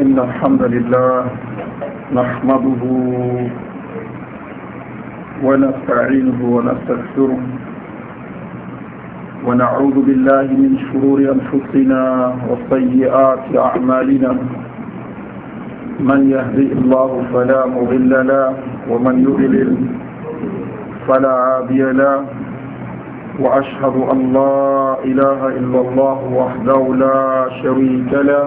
إن الحمد لله نحمده ونستعينه ونستغفره ونعوذ بالله من شرور أنفسنا وسيئات أعمالنا من يهدئ الله فلا مضل له ومن يضلل فلا عادي له وأشهد أن لا إله إلا الله وحده لا شريك له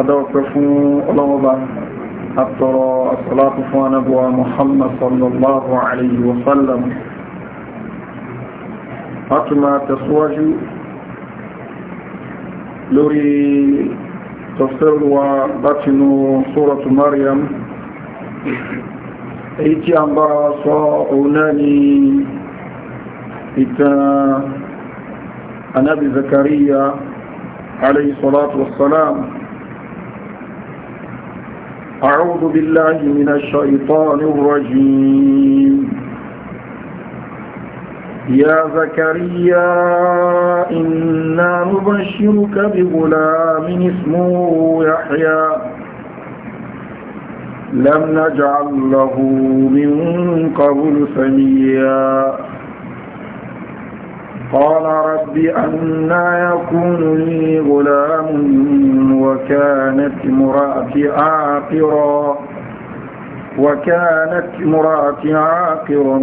adáwọ̀pẹ́ fún ọlọ́wọ́ba àtọ̀rọ̀ àsọ̀láàtù fún anábọ̀wà Muhammad sallallahu alayhi wa sallam a tún máa tẹ̀síwájú lórí tafsirwa látinú suratu Maryam èyí tí a ń bára wa sọ òun náà ni ìtàn anábì Zakariya alayhi salatu wassalam salam أعوذ بالله من الشيطان الرجيم يا زكريا إنا نبشرك بغلام اسمه يحيى لم نجعل له من قبل سميا قال رب أنا يكون لي غلام وكانت مرأتي عاقرا وكانت مرأتي عاقرا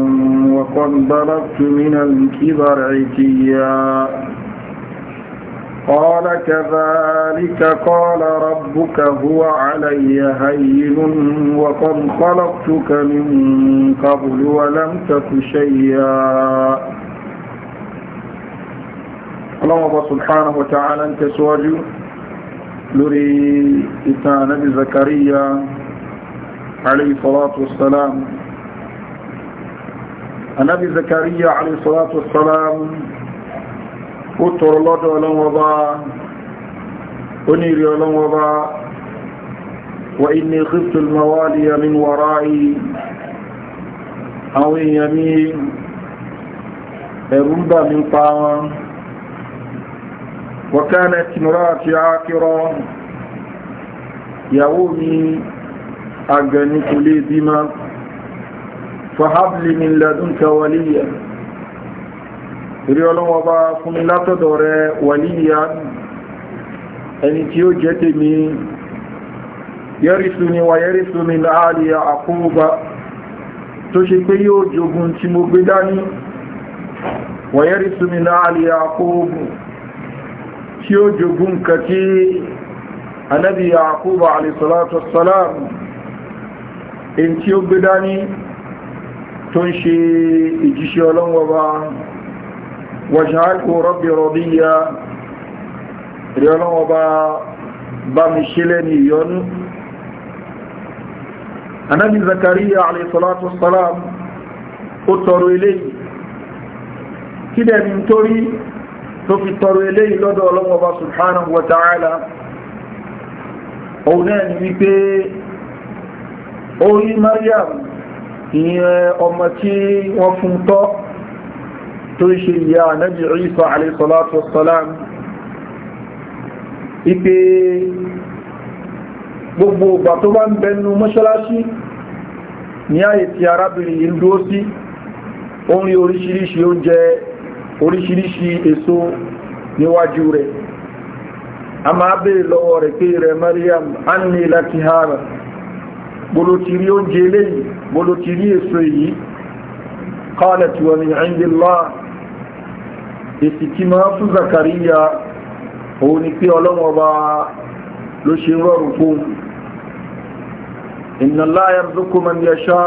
وقد بلغت من الكبر عتيا قال كذلك قال ربك هو علي هين وقد خلقتك من قبل ولم تك شيئا ọlọ́wọ́bọ̀ subhanahu wa ta'ala ń tẹ̀síwájú lórí ìtàn ànábì zakariya alayhi salatu wassalam ànábì zakariya alayhi salatu wassalam ó tọrọ lọ́dọ̀ ọlọ́wọ́bá oníri ọlọ́wọ́bá wa inni khiftu al-mawaliya min wara'i àwọn èèyàn mi ẹ̀rù وكانت امرأتي عاقرا يومي أغنيك لي بما فحب لي من لدنك وليا ريولون وبا فمي لا تدور وليا أني تيو يرثني ويرث من آل يعقوب تشكي يوجب تمو بداني ويرث من آل يعقوب tí ó jogún nǹkan tí anábi Yakubu alìsọ́látù salam in tí ó gbé dání tó ń ṣe ìjíṣẹ́ ọlọ́wọ́ba wàṣáàkù rọ́bì rọ́bíyà rí ọlọ́wọ́ba bá mi ṣílẹ̀ ní ìyọnú anábi Zakariya alìsọ́látù salam ó tọrọ ilé kí dẹ̀ ni torí tó fi tọrọ eléyìí lọ́dọ̀ Ọlọ́hun Ọba subhanahu wa ta'ala òun náà ni wípé orí Maryam ìyẹn ọmọ tí wọ́n fún tọ́ tó ṣe ìyá Ànábì Isa alayhi salatu wassalam ipe gbogbo ọgbà tó bá ń bẹnu mọ́ṣálásí ní ààyè tí arábìnrin ìlú ó sí orin oríṣiríṣi oúnjẹ oríṣiríṣi èso níwájú rẹ̀ a máa bèèrè lọ́wọ́ rẹ̀ pé rẹ̀ Mariam anni laki hara bolotiri oúnjẹ eléyìí bolotiri èso yìí qalat wa min indillah èsì tí máa fún Zakariya òun ni pé ọlọ́wọ́ bá ló ṣe rọrùn fún inna Allah yarzuqu man yasha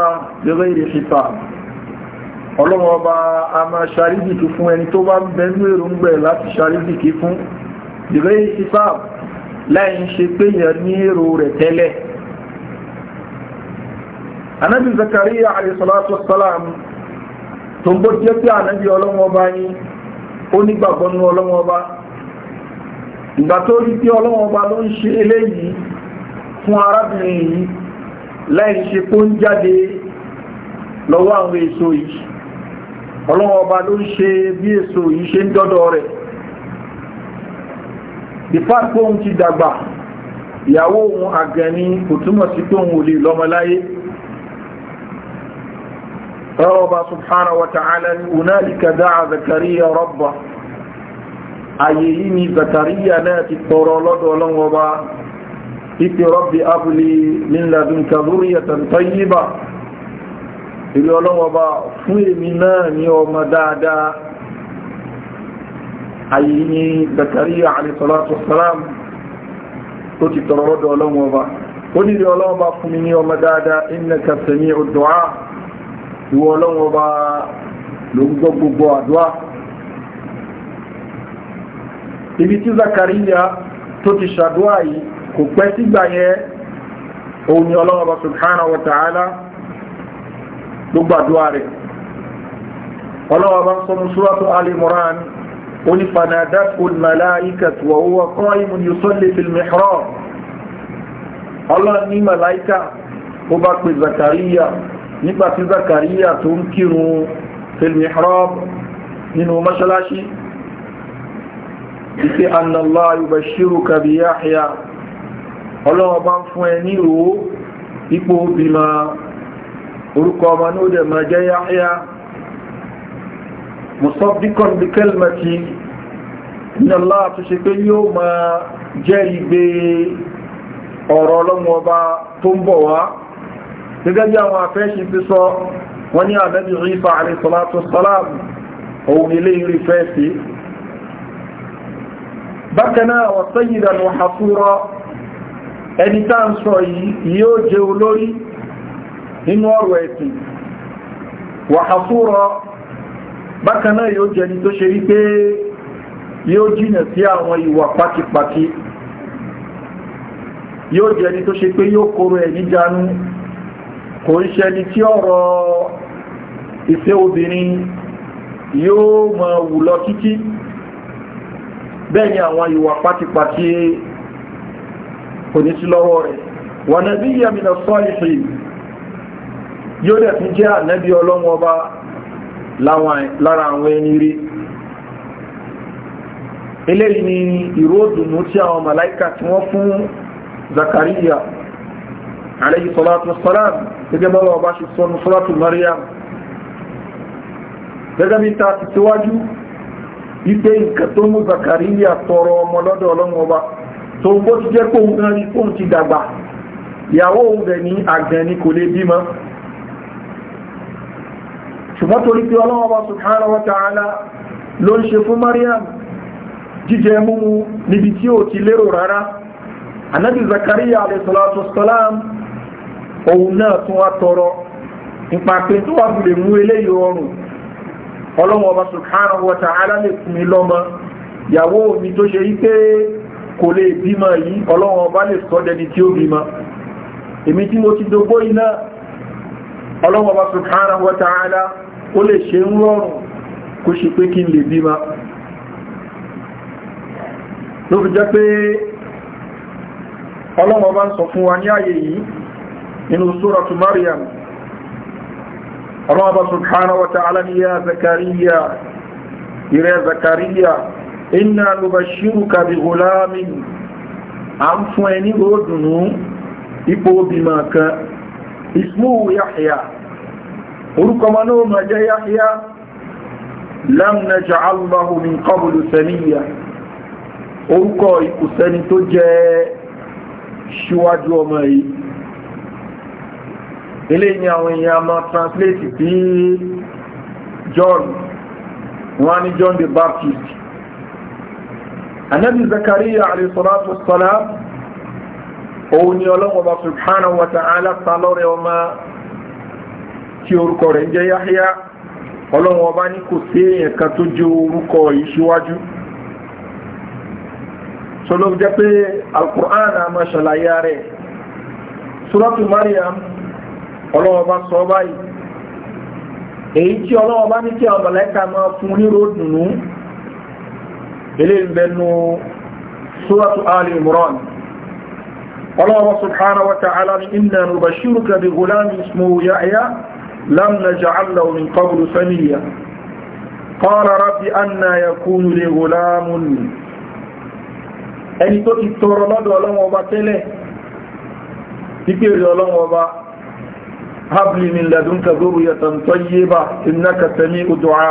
ọlọ́wọ́ ọba a máa ṣàríbìkì fún ẹni tó bá bẹ̀rù èròǹgbẹ̀ láti ṣàríbìkì fún ìrẹ́ ìsìfà láì ń ṣe pé yẹn ní èrò rẹ̀ tẹ́lẹ̀ anábì Zakariya alayhi salatu wassalam tó ń bó jẹ́ pé anábì ọlọ́wọ́ ọba yín ó nígbàgbọ́ nú ọlọ́wọ́ ọba ìgbà tó rí pé ọlọ́wọ́ ọba ló ń ṣe eléyìí fún arábìnrin yìí láì ṣe pé ń jáde lọ́wọ́ àwọn èso yìí ọlọ́wọ́ ọba ló ń ṣe bí èso yìí ṣe ń dọ́dọ̀ rẹ̀ ìfàpọ̀ òun ti dàgbà ìyàwó òun àgẹ̀ni kò túmọ̀ sí pé òun ò lè lọ́mọ láyé ọlọ́wọ́ ọba subhanahu wa ta'ala ni unalika da'a zakariya rabba àyè yìí ni zakariya náà ti tọrọ lọ́dọ̀ ọlọ́wọ́ ọba ipe rabbi abli min ladunka dhurriyatan tayyiba ìrí ọlọ́wọ́ bá fún èmi náà ní ọmọ dáadáa ayé ní Zakariya alìsọ́látọ̀ salam tó ti tọrọ lọ́dọ̀ ọlọ́wọ́ bá ó ní ìrí ọlọ́wọ́ bá fún mi ní ọmọ dáadáa innaka sami'ud du'a ìwọ ọlọ́wọ́ ló ń gbọ́ ló gbàdúrà rẹ̀ ọlọ́wọ́ bá ń sọ mú súrọ́tù alimoran ó ní fanadat olmalaika tuwa owó kan imun yusolli fil mihrab ọlọ́run ní malaika ó bá pe zakariya nígbà tí zakariya tó ń kírun fil mihrab nínú mọ́ṣáláṣí ìfẹ́ annalá yubashiruka bi Yahya ọlọ́wọ́ bá ń fún ẹ ní ìrò obìnrin orúkọ ọmọ ní ó dẹ̀ mọ̀ jẹ́ yáyá musaddiqan bi kalimati inna Allah tó ṣe pé yóò máa jẹ́ igbe ọ̀rọ̀ ọlọ́run ọba tó ń bọ̀ wá gẹ́gẹ́ bí àwọn afẹ́ṣin ti sọ wọ́n ní ànábì Ìsá alayhi salatu nínú ọ̀rọ̀ ẹ̀sìn wàhásúrọ̀ bákan náà yóò jẹni tó ṣe wípé yóò jìnà sí àwọn ìwà pákipáki yóò jẹni tó ṣe pé yóò kóró ẹ̀ níjànú kò ń ṣẹni tí ọ̀rọ̀ ìfẹ́ obìnrin yóò mọ̀ wù títí bẹ́ẹ̀ àwọn ìwà pákipáki kò ní sí lọ́wọ́ rẹ̀ wọ̀nà bí yẹmìnà sọ́ọ̀lì yóò dẹ̀ fi jẹ́ ànẹ́bí ọlọ́wọ́ bá lára àwọn ẹni rí eléyìí ni ìró òdùnú tí àwọn màláìkà tí wọ́n fún zakariya alayhi salatu salam gẹ́gẹ́ bọ́lọ̀ ọba ṣe sọ́nu salatu mariam gẹ́gẹ́ bí ta ti tíwájú ipé nǹkan tó mú zakariya tọrọ ọmọ lọ́dọ̀ ọlọ́wọ́ bá tó ń bó ti jẹ́ kóhun náà kóhun ti dàgbà ìyàwó òun rẹ̀ ní àgbẹ̀ ni kò lè bímọ ṣùgbọ́n torí pé Ọlọ́hun Ọba subhanahu wa ta'ala ló ń ṣe fún Mariam jíjẹ múmu níbi tí ó ti lérò rárá Ànábì Zakariya alayhi salatu wassalam òun náà tún wá tọrọ nípa tó wà lè mú eléyìí ọrùn Ọlọ́hun Ọba subhanahu wa ta'ala lè fún mi lọ́mọ ìyàwó mi tó ṣe yí ó lè ṣe ń rọrùn kó ṣe pé kí n lè bímá ló fi jẹ́ pé ọlọ́wọ́ bá ń sọ fún wa ní ayé yìí inú suratu Maryam ọlọ́wọ́ subhanahu wa ta'ala ní ya Zakariya ìrẹ́ Zakariya inna nubashiruka bi ghulamin a ń fún ẹni ó dùnú ipò obìnrin kan ismuhu Yahya orúkọ ọmọ náà ma jẹ́ yáhíyá lam naj'al lahu min qablu samiyya orúkọ ìkùsẹ́ni tó jẹ́ ṣíwájú ọmọ yìí ilé ni àwọn èèyàn ma translate bí John wọ́n ní John the Baptist anabi Zakariya alayhi salatu òun ni ọlọ́wọ́ subhanahu wa ta'ala ta ọmọ tí orúkọ rẹ̀ jẹ́ yáhíyá ọlọ́run ọba ní kò sí èèyàn kan tó jẹ́ orúkọ yìí síwájú sọlọ́ jẹ́ pé alukur'an a máa ṣàlàyé rẹ̀ suratu mariam ọlọ́run ọba sọ báyìí èyí tí ọlọ́run ọba ní kí àwọn mọ̀lẹ́ka máa fún ní ròdùnú eléyìí ń ali imran ọlọ́run subhanahu wa ta'ala ní inna nubashiruka bi ghulam ismuhu yahya لم نجعل له من قبل سميا قال رب أنا يكون لي غلام ẹni tó ti tọrọ lọ́dọ̀ ọlọ́wọ́ ọba tẹ́lẹ̀ ìpèrè ọlọ́wọ́ ọba habli min ladunka dhurriyatan tayyiba innaka sami'u du'a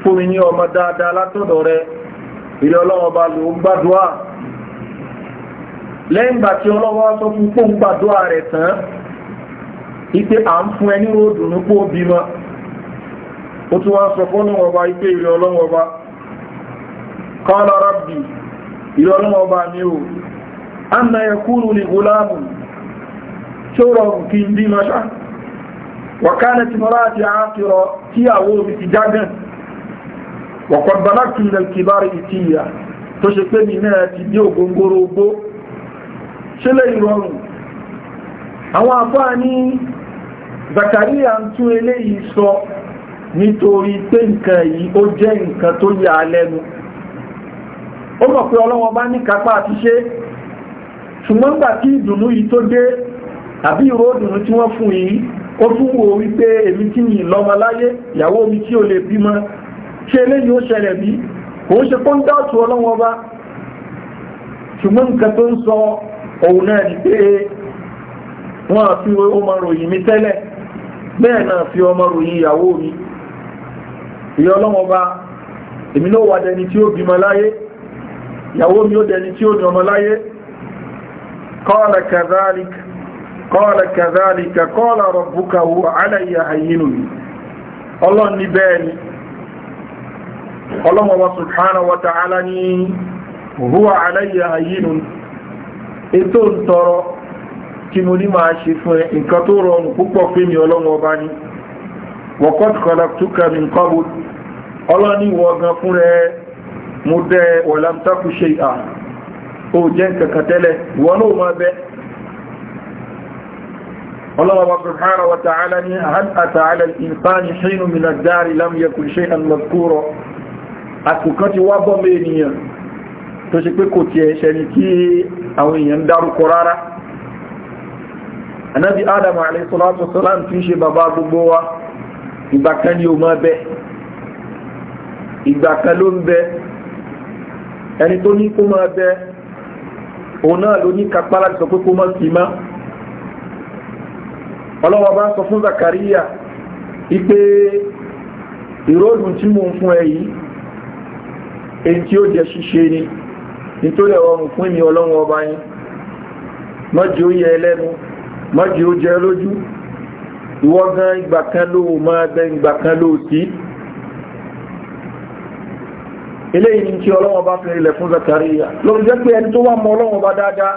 fún mi ní ọmọ dáadáa látọ̀dọ̀ rẹ ìrẹ́ ọlọ́wọ́ ọba ló ń gbàdúrà lẹ́yìn gbà tí ọlọ́wọ́ ipe a ń fún ẹni ròdùn nípò bímọ ó tún wọ́n sọ fọ́nà ọba ikpe ìrẹ̀ kọ́lá rabbi ìrẹ̀ ọlọ́run ọba mi anna yakunu li gulamu tí ó rọrùn kí n bímọ wàkánà tí mọ́ra àti àákìrọ tí àwọ omi ti jágàn wọ̀kọ̀ balaktu ilẹ̀ kìbára ìtìyà tó ṣe pé mi náà ti dé ògóngóró ogbó ṣẹlẹ̀ ìrọrùn àwọn àfáà ní Zakaria ń tún eléyìí sọ nítorí pé nǹkan yìí ó jẹ́ nǹkan tó yà á lẹ́nu ó mọ̀ pé ọlọ́wọ́ bá ní kápá àti ṣe ṣùgbọ́n nígbà tí ìdùnnú yìí tó dé àbí ìró ìdùnnú tí wọ́n fún yìí ó tún wò wípé èmi tí mi lọ́mọ ìyàwó mi tí ò lè bímọ ṣé eléyìí ó ṣẹlẹ̀ bí kò ń ṣe pé ń dáàtú ọlọ́wọ́ bá ṣùgbọ́n nǹkan tó ń sọ òun náà ni pé wọ́n àfi ó mọ ròyìn mi tẹ́lẹ̀ bẹ́ẹ̀ náà fi ọmọ ròyìn ìyàwó mi ìyá ọlọ́wọ́n bá èmi náà wà dẹni tí ó bímọ láyé ìyàwó mi ó dẹni tí ó ní ọmọ láyé qala kadhalika qala kadhalika qala rabbuka huwa alayya hayyinu ọlọ́run bẹ́ẹ̀ ni ọlọ́run kí mo ní máa ṣe fún ẹ nǹkan tó rọrùn púpọ̀ pé mi ọlọ́run ọba ni wọ́kọ́t kọ́láktúkà mi nǹkan bó ọlọ́ni wọ gan fún rẹ mo dẹ wọ̀lámtákù ṣe à ó jẹ́ nǹkan kan tẹ́lẹ̀ wọ́n ló máa bẹ́ ọlọ́run ọba subhanahu wa ta'ala ni hal ata ala al-insani hinun min ad-dari lam yakun àkùkọ́ ti wá bọ́ mẹ́ ènìyàn tó ṣe pé kò tiẹ̀ ṣẹni tí àwọn èèyàn dárúkọ rárá anábì adam alayhisalatu salam kì í ṣe bàbá gbogbo wa ìgbà kan ni o máa bẹ ìgbà kan ló ń bẹ ẹni tó ní kó máa bẹ òun náà ló ní kápá láti sọ pé kó má sí má ọlọ́wọ́ bá sọ fún zakariya ipe ìròdùn tí mo ń fún ẹ yìí èyí tí ó jẹ ṣíṣe ni nítorí ọrùn fún mi ọlọ́wọ́ ọba yín mọ́jú ó yẹ ẹlẹ́nu mọ́jì ó jẹ lójú ìwọ gan ìgbà kan ló máa gbẹ ìgbà kan ló sí eléyìí ní kí ọlọ́wọ́n bá fi ilẹ̀ fún ya, lórí jẹ́ pé ẹni tó wà mọ ọlọ́wọ́n bá dáadáa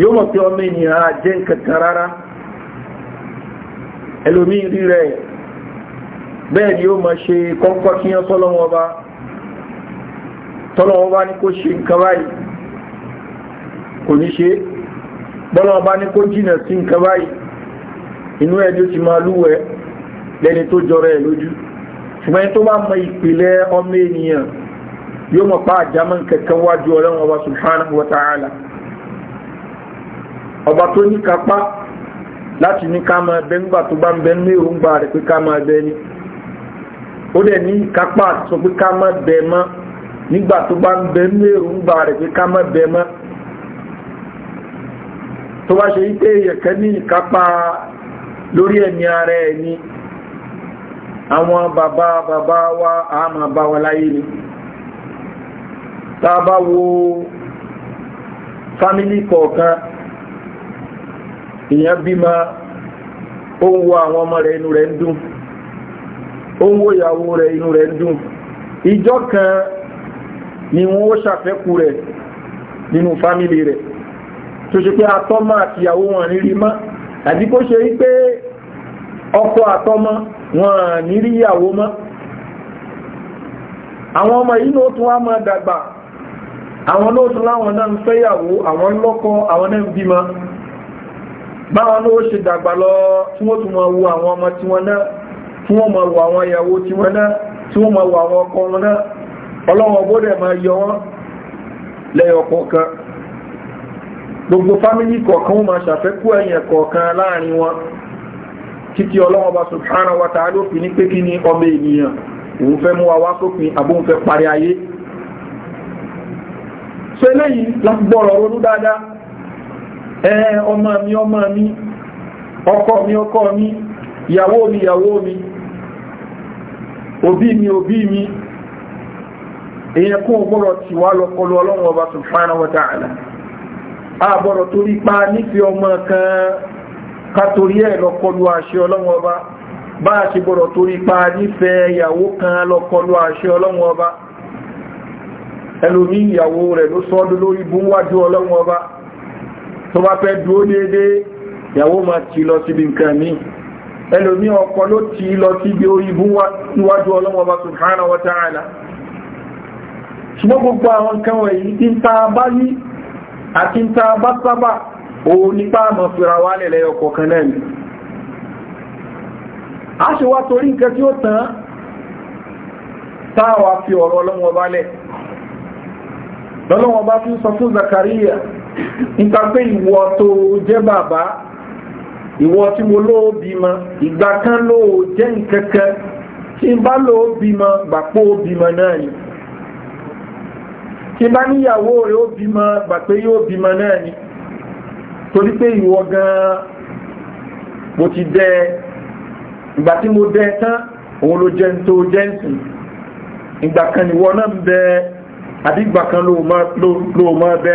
yóò mọ̀ pé ọmọ ènìyàn á jẹ́ kankan rárá ẹlòmíì rí rẹ̀ bẹ́ẹ̀ ni ó mọ̀ ṣe kọ́ńkọ́ kí yán tọ́lọ́wọ́n bá tọ́lọ́wọ́n bá ní kó ṣe nǹkan báyìí kò ní ṣe é bọ́lá ọba ní kó jìnà sí nǹkan báyìí inú ẹjọ́ ti máa lúwẹ̀ lẹ́ni tó jọrọ ẹ̀ lójú ṣùgbọ́n tó bá mọ ìpìlẹ̀ ọmọ ènìyàn yóò mọ̀ pa àjámọ́ kẹ̀kẹ́ wájú ọlọ́run ọba subhanahu wa ta'ala ọba tó ní kápá láti ní ká máa bẹ tó bá ń bẹ tó bá ṣe wípé ẹ̀kẹ́ ní ìkápá lórí ẹ̀mí ara ẹni àwọn bàbá bàbá wa àmà bá wa láyé ni tá bá wo fámílì kọ̀ọ̀kan èèyàn bímọ ó ń wo àwọn ọmọ rẹ̀ inú rẹ̀ ń dùn ó ń wo ìyàwó rẹ̀ inú rẹ̀ ń dùn ìjọ kan ni wọ́n ṣàfẹ́kù rẹ̀ nínú fámílì rẹ̀ tó ṣe pé atọ́mọ àtìyàwó wọn rírí mọ́ àbí kó ṣe wípé ọkọ àtọmọ wọn nírí ìyàwó mọ́ àwọn ọmọ yìí ló tún wá máa dàgbà àwọn ló tún láwọn náà ń fẹ́yàwó àwọn lọ́kọ àwọn náà ń bímọ báwọn ló ṣe dàgbà lọ tí wọ́n tún máa wo àwọn ọmọ tí wọ́n náà tí wọ́n wo àwọn ìyàwó tí wọ́n náà tí wọ́n gbogbo fámílì kọ̀ọ̀kan wọn máa ṣàfẹ́kù ẹ̀yìn kọ̀ọ̀kan láàrin wọn títí ọlọ́wọ́n bá subhanahu wa ta'ala ó fi ní pé kí ni ọmọ ènìyàn òun fẹ́ mú wa wá sópin àbóhun fẹ́ parí ayé so eléyìí láti gbọ́rọ̀ ronú dáadáa ẹ ọmọ mi ọmọ mi ọkọ mi ọkọ mi ìyàwó mi ìyàwó mi òbí mi òbí mi èèyàn kó gbọ́rọ̀ tì wá lọ́pọ̀lọ́ ọlọ́wọ́n bá subhanahu wa ta'ala àbọ̀rọ̀ torí pa nífi ọmọ kan kátorí ẹ̀ lọ́kọlù àṣẹ ọlọ́wọ́ ọba bá a ṣe bọ̀rọ̀ torí pa nífẹ̀ẹ́ ìyàwó kan lọ́kọlù àṣẹ ọlọ́wọ́ ọba ẹlòmí ìyàwó rẹ̀ ló sọ́dún lórí bú wájú ọlọ́wọ́ ọba tó bá fẹ́ dúó déédé ìyàwó ma ti lọ síbi nǹkan àti ta bá sábà òun nípa àmọ́ fìra wá lẹ̀lẹ́ ọkọ̀ kan náà ni a ṣe wá torí nǹkan tí ó tán táwa fi ọ̀rọ̀ ọlọ́wọ́ lẹ̀ lọ́lọ́wọ́ fi sọ fún Zakaria nípa pé ìwọ tó jẹ́ bàbá ìwọ tí mo lóò bímọ ìgbà kan lóò jẹ́ nǹkankan tí n tí bá níyàwó rẹ̀ ó bímọ gbà pé yóò bímọ náà ni torí pé ìwọ gan-an mo ti dẹ ìgbà tí mo dẹ tán òun ló jẹun tó jẹ́ǹsìn ìgbà kan ìwọ náà ń bẹ àbí ìgbà kan ló mọ bẹ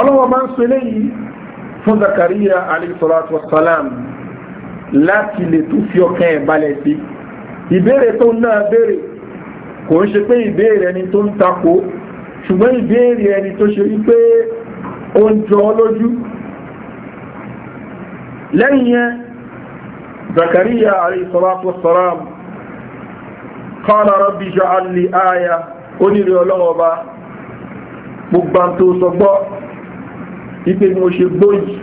ọlọ́wọ́ máa ń sọ eléyìí fún Zakariya alayhi salatu láti lè tún fi ọkàn ẹ̀ balẹ̀ sí ìbéèrè tó náà béèrè kò ń ṣe pé ìbéèrè ẹni tó ń takò ṣùgbọ́n ìbéèrè ẹni tó ṣe wípé ó ń jọ lójú lẹ́yìn yẹn zakariya alayhisalatu wasalam qala rabbi ja'al li aya onírè ọlọ́wọ́ba gbogbo tó sọgbọ́ ipe mo ṣe gbóyìí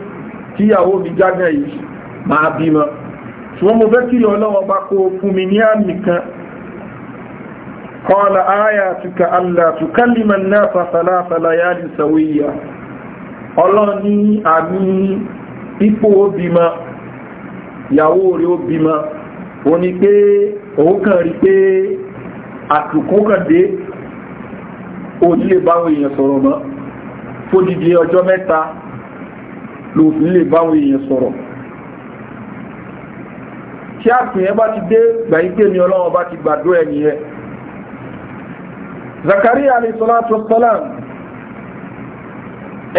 tíyàwó mi jágẹ̀ yìí máa bímọ ṣùgbọ́n mo fẹ́ kí ọlọ́wọ́ba kó fún mi ní àmì kan قال آياتك ألا تكلم الناس ثلاث ليال سوية ọlọ́run ní àmì ipò obìmọ̀ ìyàwó rẹ̀ obìmọ̀ o ní pé òun kàn rí o àtùkú kàn dé òjú lè báwọn èèyàn sọ̀rọ̀ mọ́ fódìdí ọjọ́ mẹ́ta lòfin lè báwọn èèyàn sọ̀rọ̀ tí àpìyàn bá ti dé gbàyípé ni ọlọ́run ba ti gbàdó ẹni Zakaria alayhi salatu wassalam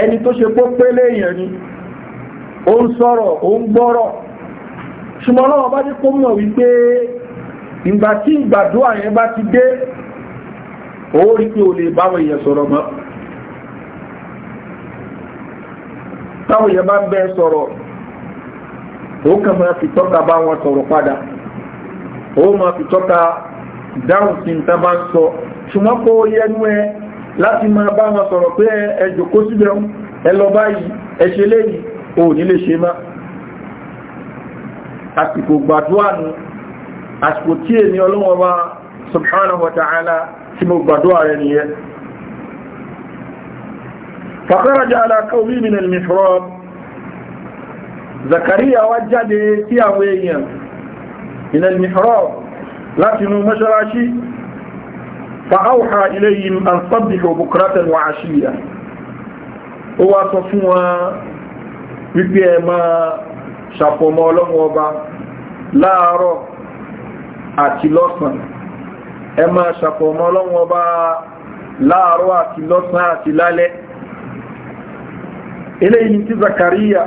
ẹni tó ṣe pó pélé èèyàn ni ó ń sọ̀rọ̀ ó ń gbọ́rọ̀ ṣùgbọ́n lọ́wọ́ bá dé kó mọ̀ wípé ìgbà tí ìgbàdúrà yẹn bá ti dé ó rí pé o lè báwọn èèyàn sọ̀rọ̀ mọ́ táwọn èèyàn bá ń bẹ́ẹ̀ sọ̀rọ̀ ó kàn máa fi tọ́ka bá wọn sọ̀rọ̀ padà ó máa fi tọ́ka dáhùn sí ní tá bá ń sọ ṣùgbọ́n kó yẹnu ẹ láti máa bá wọn sọ̀rọ̀ pé ẹ jòkó síbẹ̀ ẹ lọ báyìí ẹ ṣe léyìí o ní lè ṣe má àsìkò gbàdúwà nù àsìkò tí èmi ọlọ́wọ́ wa subhanahu wa ta'ala tí mo gbàdúwà rẹ̀ nìyẹn fàkọ́rọ̀jà فأوحى إليهم أن صبحوا بكرة وعشية هو صفوا wípé ẹ máa ṣàfọmọ ọlọ́run ọba láàárọ̀ àti lọ́sàn ẹ máa ṣàfọmọ ọlọ́run ọba láàárọ̀ àti lọ́sàn àti lálẹ́ eléyìí tí Zakariya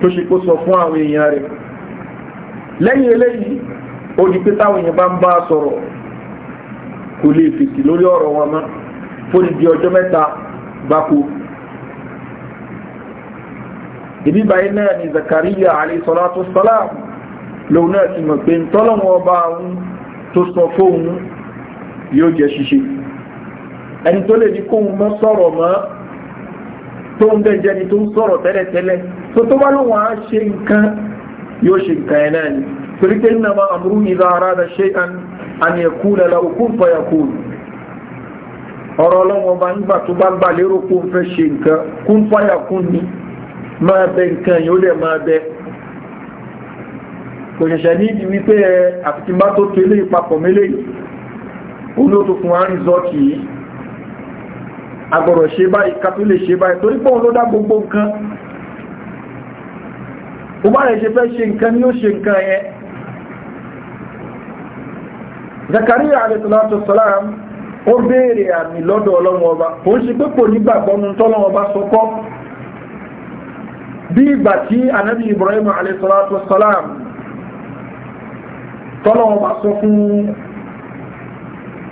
tó ṣe kó sọ fún àwọn èèyàn rẹ̀ lẹ́yìn eléyìí ó di pé táwọn èèyàn bá ń bá sọ̀rọ̀ kò lè fèsì lórí ọ̀rọ̀ wọn mọ́ fóni di ọjọ́ mẹ́ta gbáko. ìbí báyìí náà ni Zakariya alayhi salatu wassalam lòun náà ti mọ̀ pé ntọ́lọ́wọ́ ọba òun tó sọ fóun yóò jẹ́ ṣíṣe ẹni tó lè ní kóun mọ́ sọ̀rọ̀ mọ́ tó ń dẹ́jẹ́ ni tó ń sọ̀rọ̀ tẹ́lẹ̀tẹ́lẹ̀ tó tó bá lóun á ṣe nǹkan yóò ṣe nǹkan ẹ̀ náà ni torí pé nínú àwọn àmúrú ìlà ara rẹ̀ ṣe àná an yakuna lahu kun fayakun ọ̀rọ̀ ọlọ́wọ́n bá nígbà tó bá gbà lérò kó ń fẹ́ ṣe nǹkan kún fáyà kún ní máa bẹ nǹkan yóò lẹ̀ máa bẹ kò ṣẹ̀ṣẹ̀ ní ìdí wípé ẹ àti má tó tẹ́lé ìpapọ̀ mélé olóòtú fún àárín zọ́ọ̀tì yìí agbọ̀rọ̀ ṣe báyìí ká tó lè ṣe báyìí torí pọ́n ló dá gbogbo nǹkan Zakariya alayhisalatu wasalam ó béèrè àmì lọ́dọ̀ ọlọ́run ọba kò ń ṣe pé kò nígbàgbọ́ nu tọ́lọ́run ọba sọkọ́ bí ìgbà tí anabi Ibrahim alayhisalatu wasalam tọ́lọ́run ọba sọ fún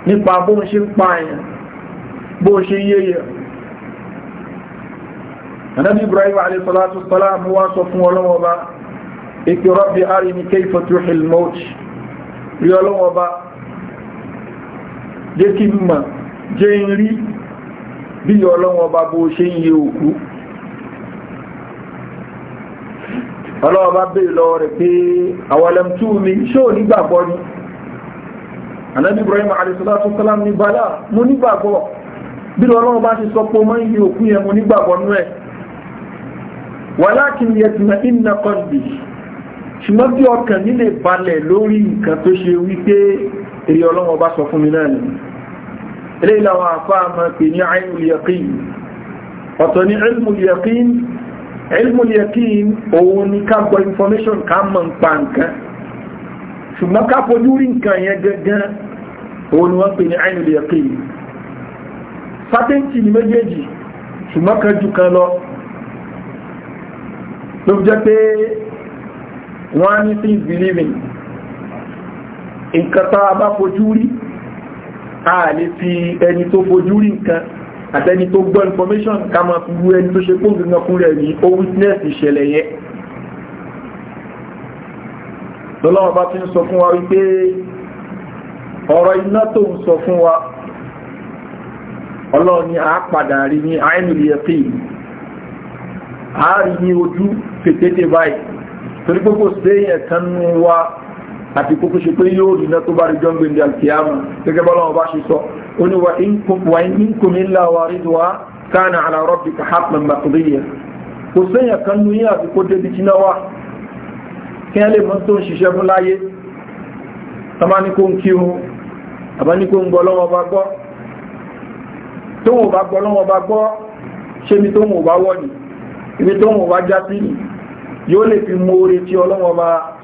nípa bó ń ṣe ń pa àyàn bó ṣe yéyẹ anabi Ibrahim alayhi salatu wasalam wá sọ fún ọlọ́wọ́ bá ìpè rabbi arini kayfa rí ọlọ́wọ́ jẹ́ kí mọ̀ jẹ́ ń rí bí ọlọ́wọ́ bá bó ṣe ń yẹ òkú ọlọ́wọ́ bá bèèrè lọ rẹ̀ pé àwọlẹ̀ tú mi ṣó nígbàgbọ́ ni anábí Ibrahim alẹ́sọ́lá ní bala mo nígbàgbọ́ bí ọlọ́wọ́ bá ṣe sọ pé mọ́ yẹ òkú yẹn mo nígbàgbọ́ nú èrè ọlọ́wọ́ bá sọ fún mi náà nìyí ilé ìlàwọ̀ àfá àmà pè ní àìmùl yaqin ọ̀tọ̀ ní ilmùl yaqin òun ni ká gbọ́ information ká mọ̀ ń pa nǹkan ṣùgbọ́n ká fojú rí nǹkan yẹn gẹ́gẹ́ òun ni wọ́n pè ní àìmùl yaqin sátẹ́ǹtì ni méjèèjì ṣùgbọ́n believing nǹkan tá a bá fojú rí a lè fi ẹni tó fojú rí nǹkan àtẹni tó gbọ́ information ká máa fi wú ẹni tó ṣe kó nǹkan fún rẹ̀ ní ó witness ìṣẹ̀lẹ̀ yẹn lọ́lọ́wọ́ bá fi ń sọ fún wa wípé ọ̀rọ̀ iná tó ń sọ fún wa ọlọ́run ni a padà rí ní àìnìlì ẹ̀fẹ́ yìí a rí ní ojú pètètè báyìí torí gbogbo sí èèyàn wa àti kókó ṣe pé yóò rí iná tó bá rí jọ́ gbé ní alkiyama gẹ́gẹ́ bọ́lá wọn bá ṣe sọ ó ní wa inkum illa wariduha kana ala rabbika hatman maqdiya kò sẹ́yìn kan nu yín àti kó débi tí náà kí wọ́n lè mọ́ tó ń ṣiṣẹ́ fún láyé tọ́mà ń kírun àbá ń gbọ́ lọ́wọ́ gbọ́ tó wọ́n bá gbọ́ lọ́wọ́ gbọ́ ṣe mi tó wọ́n bá wọ́ ni ibi tó wọ́n bá já sí yóò lè fi mú oore tí ọlọ́wọ́ bá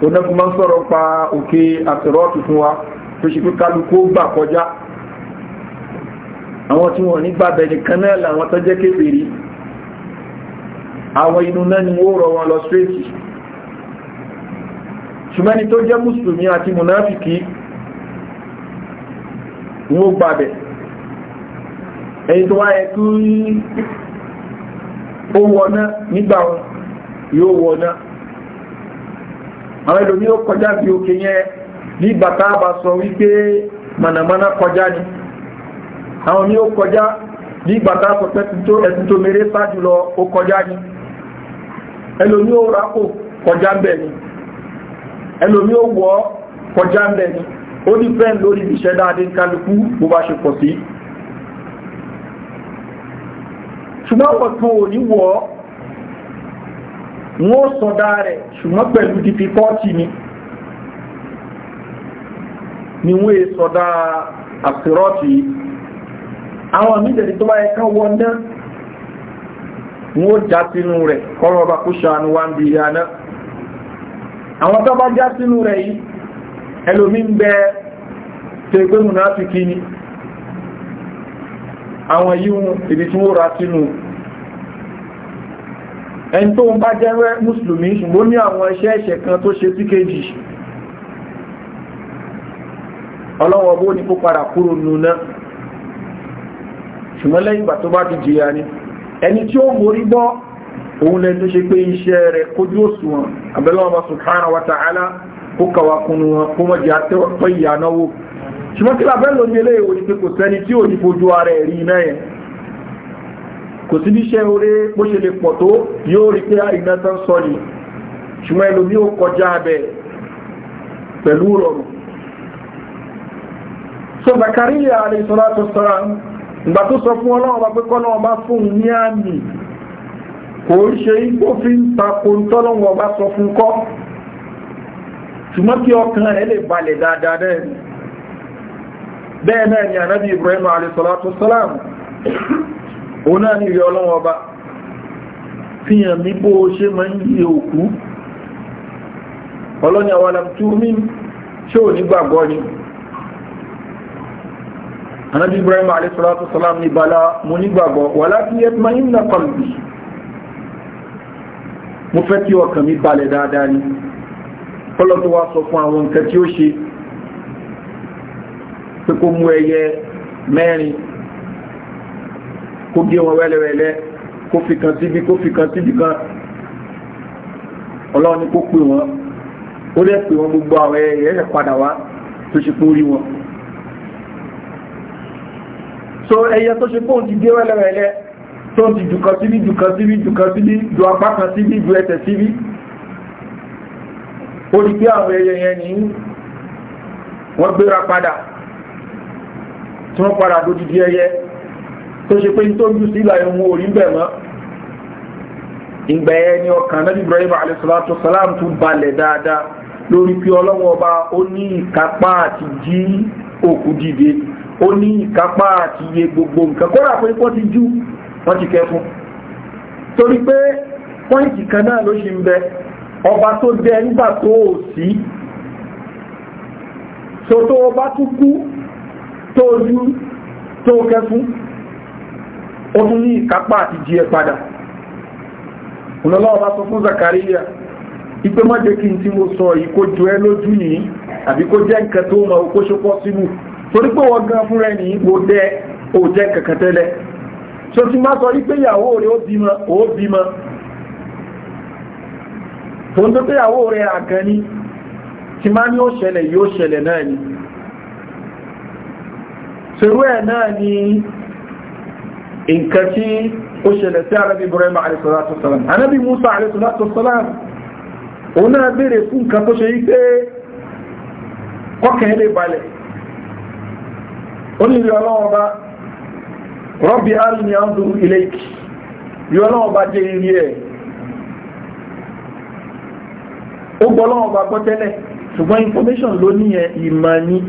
tó náà fún máa ń sọ̀rọ̀ pa òkè àtẹ̀rọ̀ tuntun wa tó ṣe pé kálukú gbà kọjá àwọn tí wọ́n ní gbàbẹ̀ nìkan náà làwọn tó jẹ́ kébèrè àwọn inú náà ni ó rọ wọn lọ síréètì ṣùgbọ́n tó jẹ́ mùsùlùmí àti mùnáfìkì ni ó gbàbẹ̀ ẹni tó wáyé kí ó wọ náà nígbà yóò wọ náà àwọn ẹlòmí ó kọjá bí òkè yẹn ní bàtà bá sọ wípé mànàmáná kọjá ni àwọn mi ó kọjá ní bàtà sọ pé ẹtùtò mèrè sá jùlọ ó kọjá ni ẹlòmí ó rákò kọjá ń bẹ̀ ni ẹlòmí ó wọ́ kọjá ń bẹ̀ ni ó ní fẹ́ lórí ìṣẹ́ dáadé kálukú bó bá ṣe pọ̀ sí ṣùgbọ́n wọ́n tún ò ní wọ́ wọ́n ó rẹ̀ ṣùgbọ́n pẹ̀lú difficulty ni ni wọ́n è a, àsìrọ́ọ̀tì yìí àwọn àmìjẹ̀dì tó bá ẹ̀kan wọ́n náà wọ́n ó rẹ̀ kọ́rọ̀ ọba kó ṣàánú wá ń bi ibi ẹni tó ń bá jẹ́rẹ́ mùsùlùmí ṣùgbọ́n ní àwọn iṣẹ́ ẹ̀ṣẹ̀ kan tó ṣe tí kéjì ọlọ́wọ́ bó ní kó padà kúrò nùnà ṣùgbọ́n lẹ́yìn ìgbà tó bá ti jìyà ni ẹni tí ó mórí bọ́ òun lẹ́ni tó ṣe pé iṣẹ́ rẹ̀ kójú òṣùwọ̀n abẹ́lọ́wọ́ subhanahu wa ta'ala kó kàwàkùnù wọn kó mọ́jì àtẹ́wọ́ pẹ́ ìyànáwó ṣùgbọ́n kí kò sí níṣẹ́ orí bó ṣe lè pọ̀ tó yóò rí pé iná tó sọ ni ṣùgbọ́n ẹlòmí ó kọjá abẹ pẹ̀lú rọrùn so Zakariya alayhi salatu wassalam ìgbà tó sọ fún ọlọ́run bá pé kọ́nà ọba fún un ní àmì kò ń ṣe ipò fi ń tako tọ́lọ́run sọ fún kọ́ ṣùgbọ́n kí ọkàn lè balẹ̀ dáadáa náà bẹ́ẹ̀ náà ni ànábì Ibrahim alayhi salatu òun náà ní ìrẹ́ ọlọ́wọ́ ọba fi hàn mí bó ṣe máa ń yí òkú ọlọ́ni àwàlàm tó mí ṣé ò ní ni bala mo ní gbàgbọ́ wà láti na kọlùbì mo fẹ́ kí ọkàn mi balẹ̀ dáadáa ni kọ́lọ́ tó wá sọ fún àwọn nǹkan tí ó ṣe pé mú ẹyẹ mẹ́rin kó gé wọn wẹ́lẹ́wẹ́lẹ́ kó fi kan síbi kó fi kan síbi kan ọlọ́run ni kó pè wọ́n ó lẹ́ pè wọ́n gbogbo àwọn ẹ̀yẹ́ padà wá tó ṣe kó rí wọn so ẹyẹ tó ṣe kóhùn ti gé wẹ́lẹ́wẹ́lẹ́ tó ti jùkan síbí jùkan síbí jùkan síbí ju apá kan síbí ju ẹsẹ̀ síbí ó di pé àwọn ẹyẹ yẹn ní wọ́n gbéra padà tí wọ́n padà dójú di ẹyẹ tó ṣe pé tó jù sí ìlàyé wọn orí bẹ̀ mọ́ ìgbà ẹ̀ ni ọkàn náà Ibrahim alayhisalatu salam tún balẹ̀ dáadáa lórí pé ọlọ́wọ́ ọba ó ní ìkápá àti jí òkú dìde ó ní ìkápá àti iye gbogbo nǹkan kódà pé wọ́n ti jú wọ́n ti kẹfún torí pé pọ́ìntì kan náà ló ṣe ń bẹ ọba tó dẹ nígbà tó ò sí so tó ọba tún kú tó ojú tó kẹfún ó tún ní ìkápá àti jí ẹ padà ọlọ́lọ́wọ́ bá sọ fún Zakaria ipé má jẹ́ kí n tí mo sọ yìí kó jọ ẹ́ lójú yìí àbí kó jẹ́ nǹkan tó mọ̀ ó kó ṣokọ́ sínú torí pé wọ́n gan fúnra ẹni ìgbò dẹ́ ò jẹ́ kankan tẹ́lẹ̀ so ti má sọ wípé ìyàwó rẹ̀ ó bímọ ó bímọ tó ń tó pé ìyàwó rẹ̀ àgàn ni ti má ní ó ṣẹlẹ̀ yóò ṣẹlẹ̀ náà ni ṣerú ẹ̀ náà ni nǹkan tí ó ṣẹlẹ̀ sí arábí Ibrahim alayhi salatu wassalam anábí Musa alayhi salatu wassalam òun náà béèrè fún nǹkan tó ṣe wípé kọ́kẹ́ lè balẹ̀ ó ní ìrìn ọlọ́wọ́ bá rọ́bì arini anzuru ilayki ìrìn ọlọ́wọ́ information ló ní ìmọ̀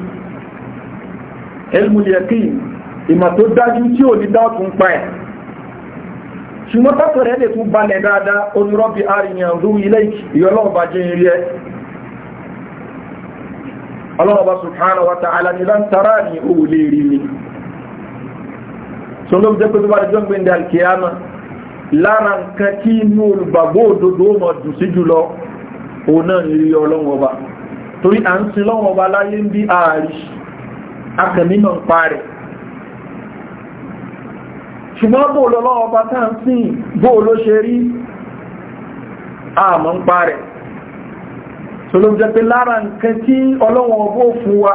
ìmọ̀ tó dájú tí ò ní dákun pa ẹ̀ ṣùgbọ́n tàbí rẹ̀ lè tún balẹ̀ dáadáa onírọ́bì àríyàn rú ilé ìyọlọ́ọ̀bà jẹ́ irí ẹ ọlọ́ọ̀bà subhanahu wa ta'ala ni lántara ni ó lè rí mi so ló jẹ́ pé tó bá jọ́ gbé ní alkiyama lára nǹkan tí inú olùgbàgbọ́ òdodo mọ̀ dùn sí jùlọ òun náà ní rí ọlọ́wọ́ba torí à ń sin lọ́wọ́ba láyé ń bí ààrí akẹ́mínà ń parẹ́ ṣùgbọ́n bó lọ́lọ́ ọba tá ń sìn bó ló ṣe rí àmọ́ ń pa rẹ̀ tó ló jẹ́ pé lára nǹkan tí ọlọ́wọ́n ọbọ̀ fún wa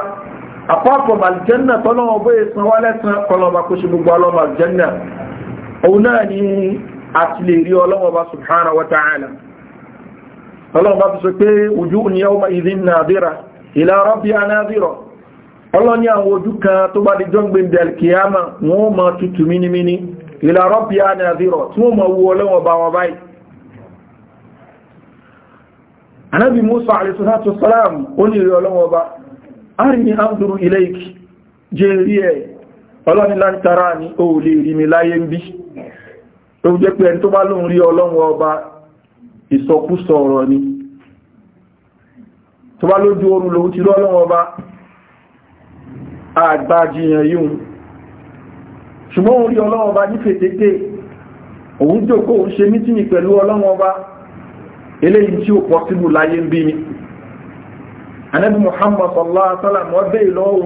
àpapọ̀ màlìjẹ́nà tọ́lọ́wọ́n ọbọ̀ èsàn wá lẹ́sàn kọlọ́ba kó ṣe gbogbo ọlọ́ ọlọ́ni àwọn ojú kan tó bá di jọ́ngbìn delkiyama wọ́n ma tutù mínimíní ila rabbiha nadhira tí wọ́n ma wo ọlọ́wọ́ bá wọn báyìí anábì Musa alaihissalatu wassalam ó ní ìrẹ ọlọ́wọ́ bá arini anzuru ilayki jẹ́ rí ẹ̀ ọlọ́ni lántara ni ó lè rí mi láyé ń bí tó jẹ́ pé ẹni tó bá lóun rí ọlọ́wọ́ ọba ìsọkúsọ lójú oorun lòun ti rí ọlọ́wọ́ ọba àgbàjìyàn yíò ṣùgbọ́n orí ọlọ́wọ́ba ní fètètè òun jòkó òun ṣe mítìmì pẹ̀lú ọlọ́wọ́ba bá tí ó pọ̀ sínú láyé ń bí ni anabi muhammad sallallahu alaihi bẹ́ẹ̀ lọ́wọ́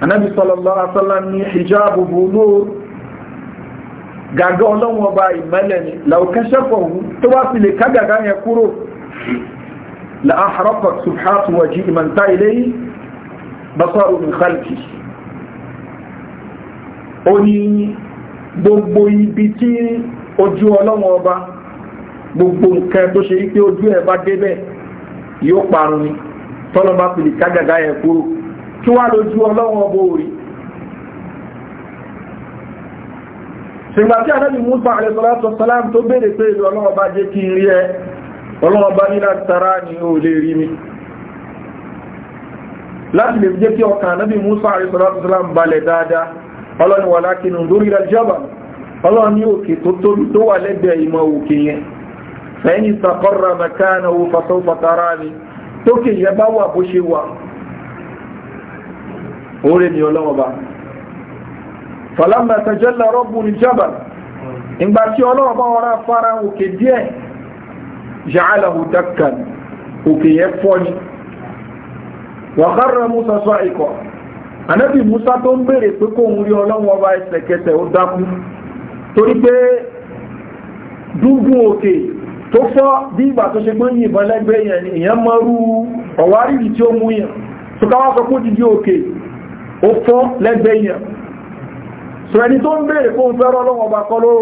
anábì sallallahu alaihi wasallam ní hijabu bulur gàgá ọlọ́wọ́n ọba ìmẹ́lẹ̀ ni làwọ̀kẹ́ṣẹ́fọ̀hún tó bá fi lè ká gàgá yẹn kúrò láàárọ̀pọ̀ subhatu wàjí ìmọ̀ntá ilé yìí basaru min khalqi ó ní gbogbo ibi tí ojú ọlọ́wọ́n ọba gbogbo nǹkan tó ṣe wípé ojú ẹ̀ débẹ̀ yóò parun ni tọ́lọ́ bá fi lè kí wá lójú ọlọ́wọ́ ọbọ̀ orí ṣùgbà tí àdájú Musa alẹ́sọ́látọ̀ salam tó bèèrè pé ìlú ọlọ́wọ́ bá jẹ́ kí rí ẹ ọlọ́wọ́ bá ní láti tara ní o lè rí mi láti lè jẹ́ kí ọkàn àdájú Musa alẹ́sọ́látọ̀ salam balẹ̀ dáadáa ọlọ́ni òun rè ní ọlọ́wọ́ bá falamma tajalla rabbul jabal ìgbà tí ọlọ́wọ́ bá wọn rà fara òkè díẹ̀ ja'alahu dakkan òkè yẹn fọ́ ni wa kharra Musa sa'iqa anabi Musa tó ń béèrè pé kóun rí ọlọ́wọ́ bá ẹsẹ̀kẹsẹ̀ ó dákú torí pé dúdú òkè tó fọ́ bí ìgbà tó ṣe gbọ́n yìnbọn lẹ́gbẹ̀ẹ́ yẹn ni ìyẹn mọ́rú ọ̀wárìrì tí ó mú yẹn tó káwá sọ pé dídí òkè ó fọ́ lẹ́gbẹ̀ẹ́ so ẹni tó ń béèrè fún fẹ́rọ lọ́wọ́ ọba kọ́ ló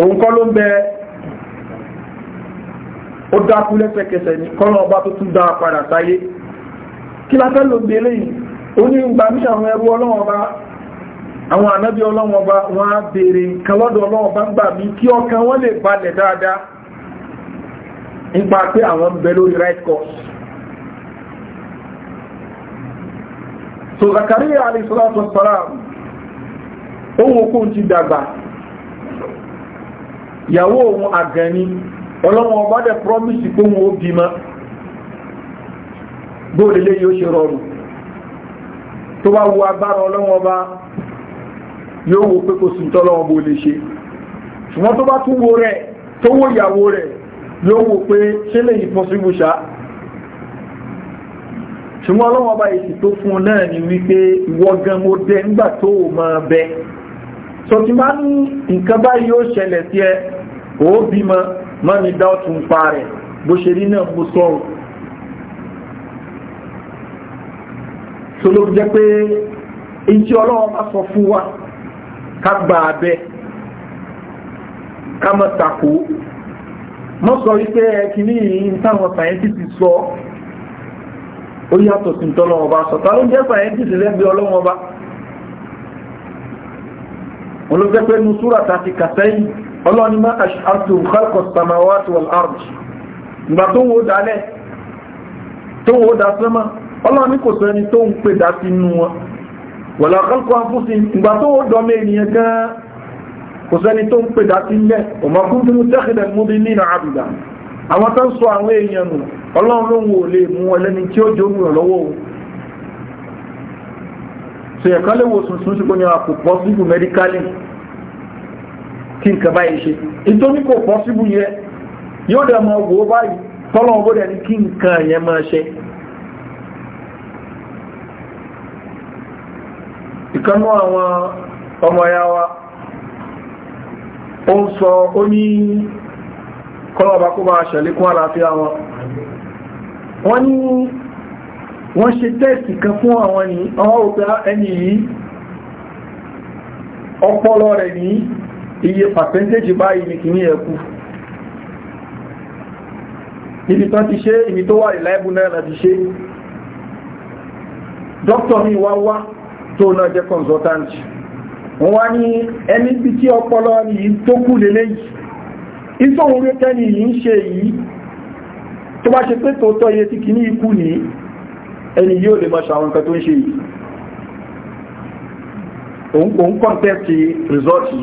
òun kọ́ ló ń bẹ ó dákú lẹ́sẹ̀kẹsẹ̀ ní ọba tó tún dá padà sáyé kí la ló ń béèrè ó ní ìgbà mí àwọn ẹrú ọba àwọn ànábí ọlọ́wọ́ ọba wọn so Zakariya alayhi salatu wassalam ohun okun ti dàgbà ìyàwó òun àgẹni ọlọ́wọ́n ọba dẹ̀ promise pé òun ó bímọ bóòlù lè yóò ṣe rọrùn tó bá wo agbára ọlọ́wọ́n ọba yóò wo pé kò sí tọ́lọ́wọ́n bó lè ṣe ṣùgbọ́n tó bá tún wo rẹ̀ tó wo ìyàwó rẹ̀ yóò wo pé ṣé lè ṣùgbọ́n ọlọ́wọ́ bá èsì tó fún un náà ni wípé wọ́gán mo dẹ nígbà tó o máa bẹ sọtí máa ní nǹkan báyìí yóò ṣẹlẹ̀ sí ẹ ò bímọ má ní dá ọ̀tún pa rẹ̀ bó ṣe rí náà mo sọ̀rọ̀ tó jẹ́ pé ìjì ọlọ́wọ́ bá sọ fún wa ká gba abẹ ká mọ̀ tako mọ̀ sọ wípé ẹ kìíní yìí táwọn sàyẹ́ntìtì sọ ó yàtọ̀ sí tọ́lọ́wọ́ bá sọ ta ló jẹ́ sàyẹ́ntìsì lẹ́bi ọlọ́wọ́ bá wọn ló jẹ́ pé nu súrà ta ti kàtẹ́yìn ọlọ́ni má aṣáàtù khalqas samawati wal ardi ìgbà tó wo dalẹ̀ tó wo da sẹ́mà ọlọ́ni kò sẹ́ni tó ń pè dá sí inú wọn wala khalqa anfusihim ìgbà tó wo dọ́mọ ènìyàn gan kò sẹ́ni tó ń pè dá sí ilẹ̀ òmàkúndínú tó ń sọ àwọn ọlọ́run ló ń wò lè mú ẹlẹ́ni tí ó jógun ìrànlọ́wọ́ o ṣe ẹ̀kan lè wo sunsun ṣùgbọ́n ni a kò pọ́sibù mẹ́díkálì kí nǹkan báyìí ṣe nítorí kò pọ́sibù yẹ yóò dẹ̀ mọ wò báyìí tọ́lọ́run bó dẹ̀ ní kí nǹkan yẹn máa ṣe ìkanú àwọn ọmọ ya wa ó sọ ó ní kọ́lọ́ọ̀bá kó bá ṣẹ̀lékún àlàáfíà wọn wọ́n ní wọ́n ṣe tẹ́ẹ̀sì kan fún àwọn ní àwọn òpá ah, ẹni yìí ọpọlọ rẹ̀ ní iye pàṣẹ́ntéjì báyìí ní kìíní ẹ̀kù ibi tán ti ṣe ibi tó wà ìláìbù náà láti ṣe dókítà mi wá wá tó náà jẹ́ consultant wọ́n wá ní ẹni bí tí ọpọlọ ní tó kú lélẹ́yìí tó bá ṣe pé tòótọ́ iye tí kì ní ikú ní ẹni yóò lè máa ṣàwọn nǹkan tó ń ṣe yìí òun kọ́ntẹ́ẹ̀tì rìsọ́ọ̀tì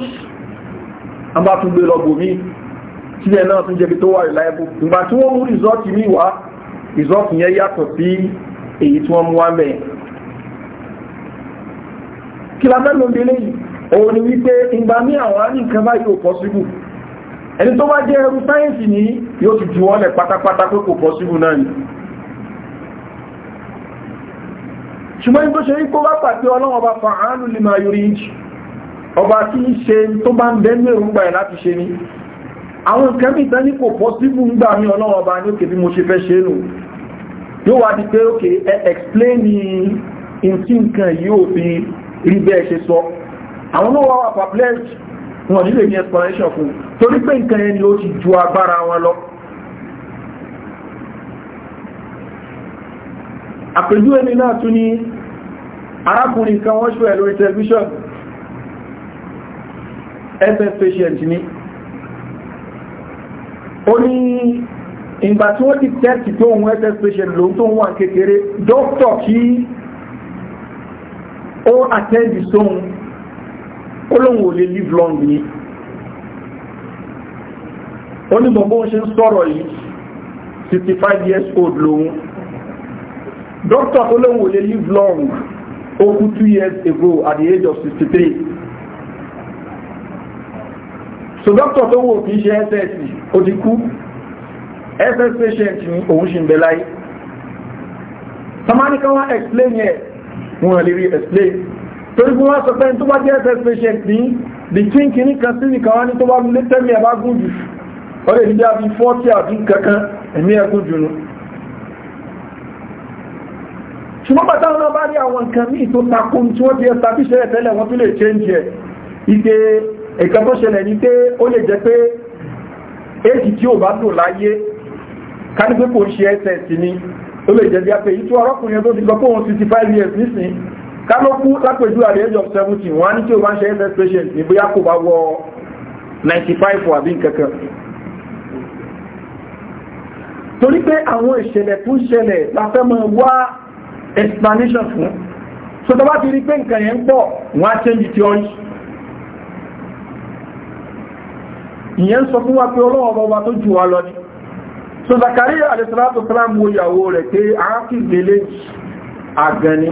a bá tún gbé lọ́gbò mí tí ẹ̀ náà tún jẹ́bi tó wà reliable ìgbà tí wọ́n mú ẹni tó bá jẹ́ ẹrù sáyẹ̀nsì ní yóò ti jù wọ́lẹ̀ pátápátá pé kò pọ̀ síbù náà ni ṣùgbọ́n ní tó ṣe ríkó bá pàtí ọlọ́wọ́ bá fa àánú lè máa yorí ìjì ọba tí í ṣe tó bá ń bẹ́ẹ̀ èròǹgbà ẹ̀ láti ṣe ni àwọn nǹkan mi tán ní kò pọ̀ síbù ń gbà mí ọlọ́wọ́ bá ní òkè bí mo ṣe fẹ́ ṣe nù yóò wá di pé òkè ẹ explain in tí nǹkan yóò fi rí bẹ́ẹ̀ ṣe sọ àwọn náà wà wà perplexed wọn nílò ní explanation fún torí pé nǹkan ẹni ó ti ju agbára wọn lọ àpèjú ẹni náà tún ní arákùnrin kan wọ́n ṣe ẹ̀ lórí television ss patient ni ó ní ìgbà tí wọ́n ti tẹ́ẹ̀tì tó ń ss patient lòun tó ń wà kékeré dókítọ̀ kí ó attend sóhun olóhùn ò lè live long ni ó ní bọ̀bọ́ ṣe ń sọ̀rọ̀ yìí 65 years old lòun dókítà tó lóhùn ò lè live long ó two years ago at the age of 63 so dókítà tó wò kìí ṣe ss ó ti kú ss patient ni òun ṣì ń bẹ láyé samani explain here. wọn lè rí explain torí bí wọ́n sọ pé tó bá jẹ́ ss patient ní between kìíní kan sí nìkan wá ní tó bá lé tẹ́mi ẹ̀ bá gùn jù ó lè níbi àbí fọ́tí àbí kankan ẹ̀mí ẹ̀ gùn jù nù ṣùgbọ́n bàtà wọn bá rí àwọn nǹkan ní ìtò takun tí wọ́n ti ẹ̀ tàbí ṣẹlẹ̀ tẹ́lẹ̀ wọ́n tún lè change ẹ̀ ìgbé ẹ̀kan tó ṣẹlẹ̀ ní pé ó lè jẹ́ pé èjì tí ó bá tó láyé kánípé kò ṣe ẹsẹ̀ sí ni ó lè jẹ́ bí apẹ̀ yìí tó ti gbọ́ pé 65 years nísìn kálókú lápẹjú àrí age of 70 wọ́n á ní tí o bá ń ṣe ss patient ní bóyá kò bá wọ 95 àbí nkankan torí pé àwọn ìṣẹ̀lẹ̀ tó ń ṣẹlẹ̀ láfẹ́ mọ́ wá explanation fún so tó bá ti rí pé nǹkan yẹn ń pọ̀ wọ́n á change theory ìyẹn sọ fún wa pé ọlọ́wọ́ ọba tó jù wá lọ ni so Zakariya alayhi salatu salam wo ìyàwó rẹ̀ pé àákìgbélé àgànni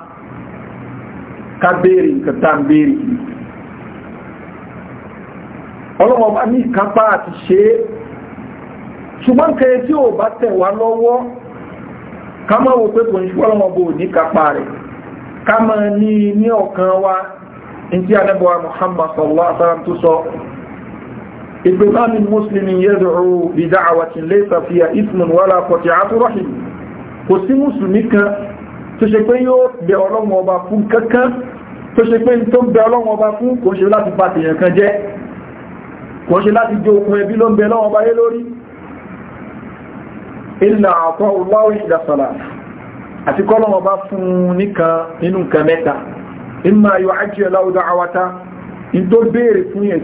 ká béèrè nǹkan tá ń béèrè ọlọ́wọ́ bá ní ìkápá àti ṣe é ṣùgbọ́n kẹrẹ tí ò bá tẹ̀ wá lọ́wọ́ ká máa wo pé kò ní ṣùgbọ́n ọlọ́wọ́ bò ní kápá rẹ̀ ká máa ní ní ọ̀kan wa ní anábọ̀wá Muhammad sallallahu alaihi wasallam tó sọ ìpè máa ní mùsùlùmí yad'u bi da'watin laysa fiha ithmun wala qati'atu rahim kò sí mùsùlùmí kan tó ṣe pé yóò bẹ ọlọ́wọ́ ọba fún kankan tó ṣe pé tó ń bẹ ọlọ́wọ́n ọba fún kò ṣe láti bá tèèyàn kan jẹ́ kò ṣe láti jẹ okun ẹbí ló ń bẹ lọ́wọ́n ọba yé lórí ilẹ̀ àtọ́ ọláwọ̀ ìdásọ̀lá àti kọ́lọ́wọ́n ọba fún nìkan nínú nǹkan mẹ́ta ìmọ̀ ayọ̀ ajé ọláwọ̀dá awata in tó ń béèrè fún yìí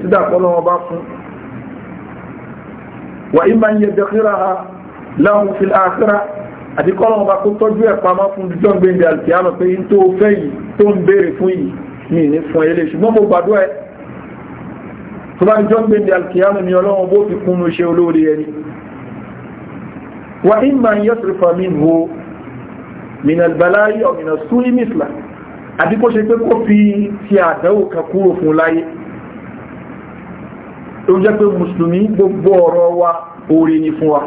mi ni fún ilé ṣùgbọ́n mo gbàdúrà ẹ tó bá jọ gbé ní alkiyama ni ọlọ́run bó fi kún un ṣe olóore ẹni wa imma ń yasrifa minhu min albalayi aw min as-su'i misla àti kó ṣe pé kó fi ti àdáwò kan kúrò fún láyé tó jẹ́ pé mùsùlùmí gbogbo ọ̀rọ̀ wa oore ni fún wa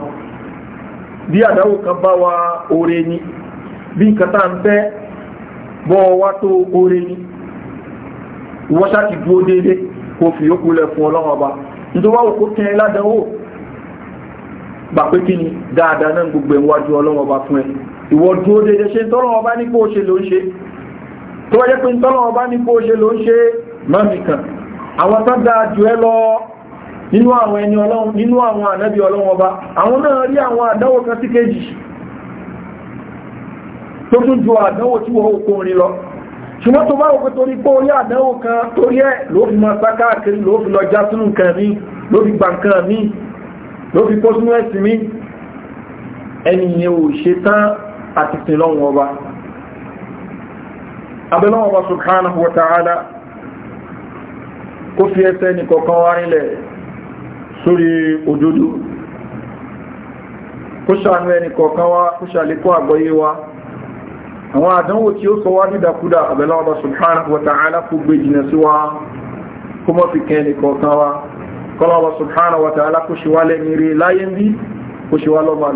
bí àdáwò kan bá wa oore ni bí nǹkan tá ń fẹ́ bọ́ wa tó oore ni wọ́n ṣáàtì dúó déédé kò fi yókù lẹ̀ fún ọlọ́run ọba nítorí wọ́n kó kẹrin ládánwò gbà pé kí ni dáadáa náà gbogbo ẹ̀ wájú ọlọ́run ọba fún ẹ ìwọ dúó déédé ṣe tọ́lọ́run ọba ní kó o ṣe ló ń ṣe tó wáyé pé tọ́lọ́run ọba ní kó o ṣe ló ń ṣe mọ́mì kan àwọn tó dáa jù ẹ lọ nínú àwọn ẹni ọlọ́run nínú àwọn ànábì ọlọ́run àwọn náà rí àwọn àdánwò kan sí kejì tó tún ju àdánwò tí wọ́n kó orin lọ ṣùgbọ́n tó bá wò pé torí pé orí àdánwò kan torí ẹ̀ ló fi máa sá káàkiri ló fi lọ já sínú nǹkan mi ló fi gba nǹkan mi ló fi kó sínú ẹ̀sìn mi ẹnìyàn ò ṣe tán àti sìn lọ́wọ́ ọba abẹ́lọ́wọ́ ọba subhanahu wa ta'ala kó fi ẹsẹ̀ nìkọ̀ọ̀kan wá rinlẹ̀ sórí òdodo kó ṣàánú ẹnìkọ̀ọ̀kan wá kó ṣàlékún àgbọ́yé wa àwọn àdánwò tí ó sọ wá dídàkúdà ọ̀bẹ̀lá ọba subhanahu wa ta'ala kó gbé jìnà sí wa kó mọ́ fi kẹ́ni kọ̀ọ̀kan wa kọ́lá ọba subhanahu wa ta'ala kó ṣe wá lẹ́ni rí láyé ń bí kó ṣe wá lọ́mọ